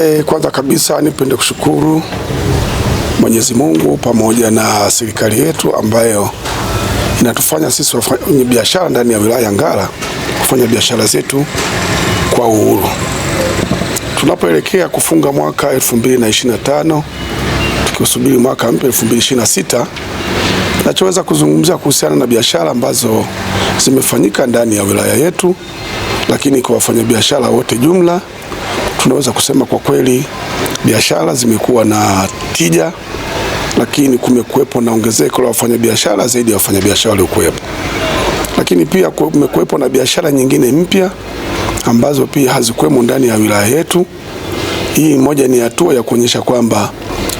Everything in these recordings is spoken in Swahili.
Eh, kwanza kabisa nipende kushukuru Mwenyezi Mungu pamoja na serikali yetu ambayo inatufanya sisi wafanya biashara ndani ya wilaya Ngara kufanya biashara zetu kwa uhuru. Tunapoelekea kufunga mwaka 2025 tukisubiri mwaka mpya 2026, nachoweza kuzungumzia kuhusiana na biashara ambazo zimefanyika ndani ya wilaya yetu, lakini kwa wafanyabiashara wote jumla tunaweza kusema kwa kweli biashara zimekuwa na tija, lakini kumekuwepo na ongezeko la wafanyabiashara zaidi ya wafanyabiashara waliokuwepo, lakini pia kumekuwepo na biashara nyingine mpya ambazo pia hazikuwemo ndani ya wilaya yetu. Hii moja ni hatua ya kuonyesha kwamba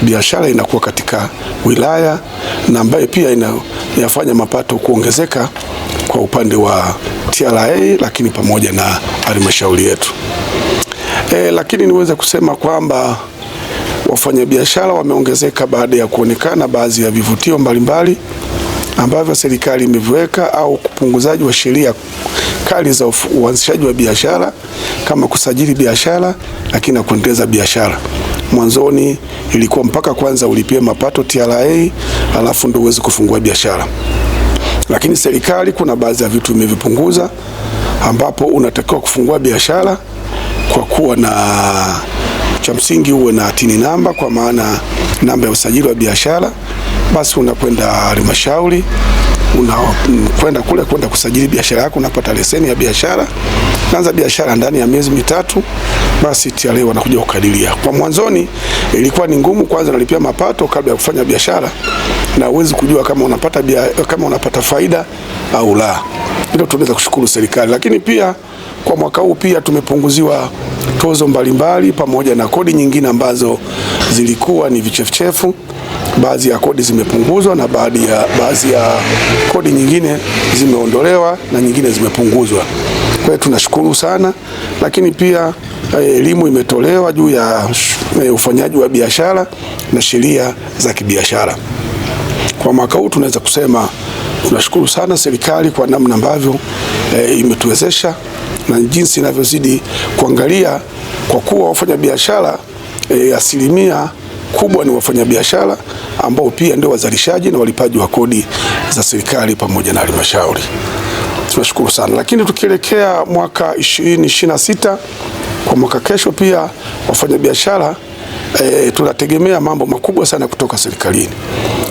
biashara inakuwa katika wilaya na ambayo pia inafanya mapato kuongezeka kwa upande wa TRA, lakini pamoja na halmashauri yetu. E, lakini niweze kusema kwamba wafanyabiashara wameongezeka baada ya kuonekana baadhi ya vivutio mbalimbali ambavyo serikali imeviweka au kupunguzaji wa sheria kali za uanzishaji wa biashara kama kusajili biashara lakini na kuendeleza biashara. Mwanzoni ilikuwa mpaka kwanza ulipie mapato TRA, alafu ndio uweze kufungua biashara, lakini serikali kuna baadhi ya vitu imevipunguza, ambapo unatakiwa kufungua biashara kwa kuwa na cha msingi uwe na tini namba, kwa maana namba ya usajili wa biashara, basi unakwenda halmashauri unakwenda kule kwenda kusajili biashara yako, unapata leseni ya biashara, naanza biashara ndani ya miezi mitatu, basi TRA wanakuja kukadiria. Kwa mwanzoni ilikuwa ni ngumu, kwanza unalipia mapato kabla ya kufanya biashara, na uwezi kujua kama unapata, kama unapata faida au la ndio tunaweza kushukuru serikali. Lakini pia kwa mwaka huu pia tumepunguziwa tozo mbalimbali pamoja na kodi nyingine ambazo zilikuwa ni vichefuchefu. Baadhi ya kodi zimepunguzwa na baadhi ya, baadhi ya kodi nyingine zimeondolewa na nyingine zimepunguzwa. Kwa hiyo tunashukuru sana, lakini pia eh, elimu imetolewa juu ya eh, ufanyaji wa biashara na sheria za kibiashara. Kwa mwaka huu tunaweza kusema Tunashukuru sana serikali kwa namna ambavyo e, imetuwezesha na jinsi inavyozidi kuangalia, kwa kuwa wafanyabiashara e, asilimia kubwa ni wafanyabiashara ambao pia ndio wazalishaji na walipaji wa kodi za serikali pamoja na halmashauri. Tunashukuru sana lakini, tukielekea mwaka 2026 kwa mwaka kesho, pia wafanyabiashara e, tunategemea mambo makubwa sana kutoka serikalini.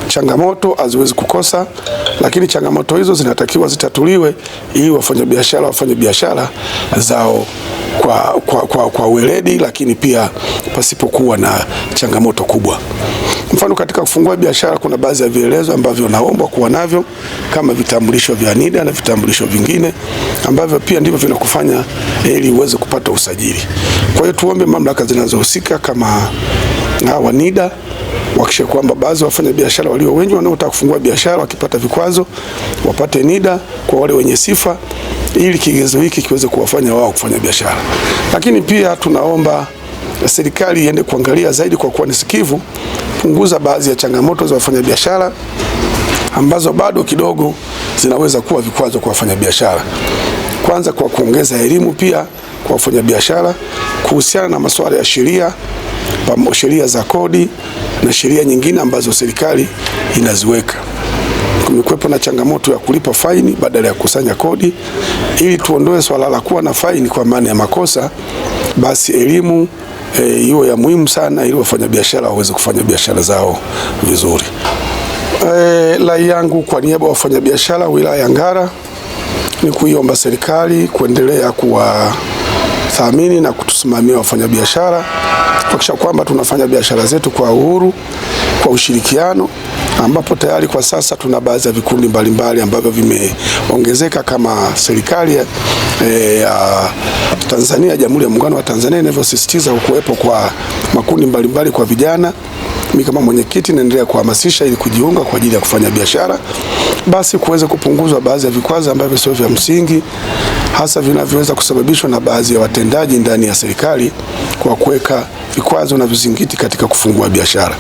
Changamoto haziwezi kukosa, lakini changamoto hizo zinatakiwa zitatuliwe ili wafanyabiashara wafanye biashara zao kwa, kwa, kwa, kwa weledi, lakini pia pasipokuwa na changamoto kubwa. Mfano, katika kufungua biashara kuna baadhi ya vielezo ambavyo naomba kuwa navyo kama vitambulisho vya NIDA na vitambulisho vingine ambavyo pia ndivyo vinakufanya ili uweze kupata usajili. Kwa hiyo tuombe mamlaka zinazohusika kama hawa NIDA wakishe kwamba baadhi ya wafanyabiashara walio wengi wanaotaka kufungua biashara wakipata vikwazo wapate NIDA kwa wale wenye sifa, ili kigezo hiki kiweze kuwafanya wao kufanya biashara. Lakini pia tunaomba serikali iende kuangalia zaidi, kwa kuwa ni sikivu, punguza baadhi ya changamoto za wafanyabiashara ambazo bado kidogo zinaweza kuwa vikwazo kwa wafanyabiashara, kwanza kwa kuongeza elimu pia kwa wafanyabiashara kuhusiana na masuala ya sheria sheria za kodi na sheria nyingine ambazo serikali inaziweka. Kumekuwepo na changamoto ya kulipa faini badala ya kukusanya kodi. Ili tuondoe swala la kuwa na faini kwa maana ya makosa, basi elimu hiyo eh, e, ya muhimu sana ili wafanyabiashara waweze kufanya biashara zao vizuri. E, lai yangu kwa niaba ya wafanyabiashara wilaya ya Ngara ni kuiomba serikali kuendelea kuwathamini na kutusimamia wafanyabiashara kuhakikisha kwamba tunafanya biashara zetu kwa uhuru, kwa ushirikiano, ambapo tayari kwa sasa tuna baadhi ya vikundi mbalimbali ambavyo vimeongezeka kama serikali ya e, ya Tanzania, Jamhuri ya Muungano wa Tanzania inavyosisitiza kuwepo kwa makundi mbalimbali kwa vijana. Mimi kama mwenyekiti naendelea kuhamasisha ili kujiunga kwa ajili ya kufanya biashara, basi kuweza kupunguzwa baadhi ya vikwazo ambavyo sio vya msingi, hasa vinavyoweza kusababishwa na baadhi ya watendaji ndani ya serikali kwa kuweka vikwazo na vizingiti katika kufungua biashara.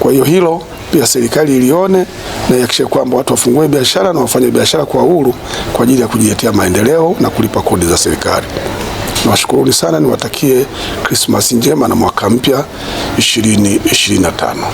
Kwa hiyo hilo pia serikali ilione na ihakikishe kwamba watu wafungue biashara na wafanye biashara kwa uhuru kwa ajili ya kujiletea maendeleo na kulipa kodi za serikali. Nawashukuruni sana, niwatakie Krismasi njema na mwaka mpya 2025.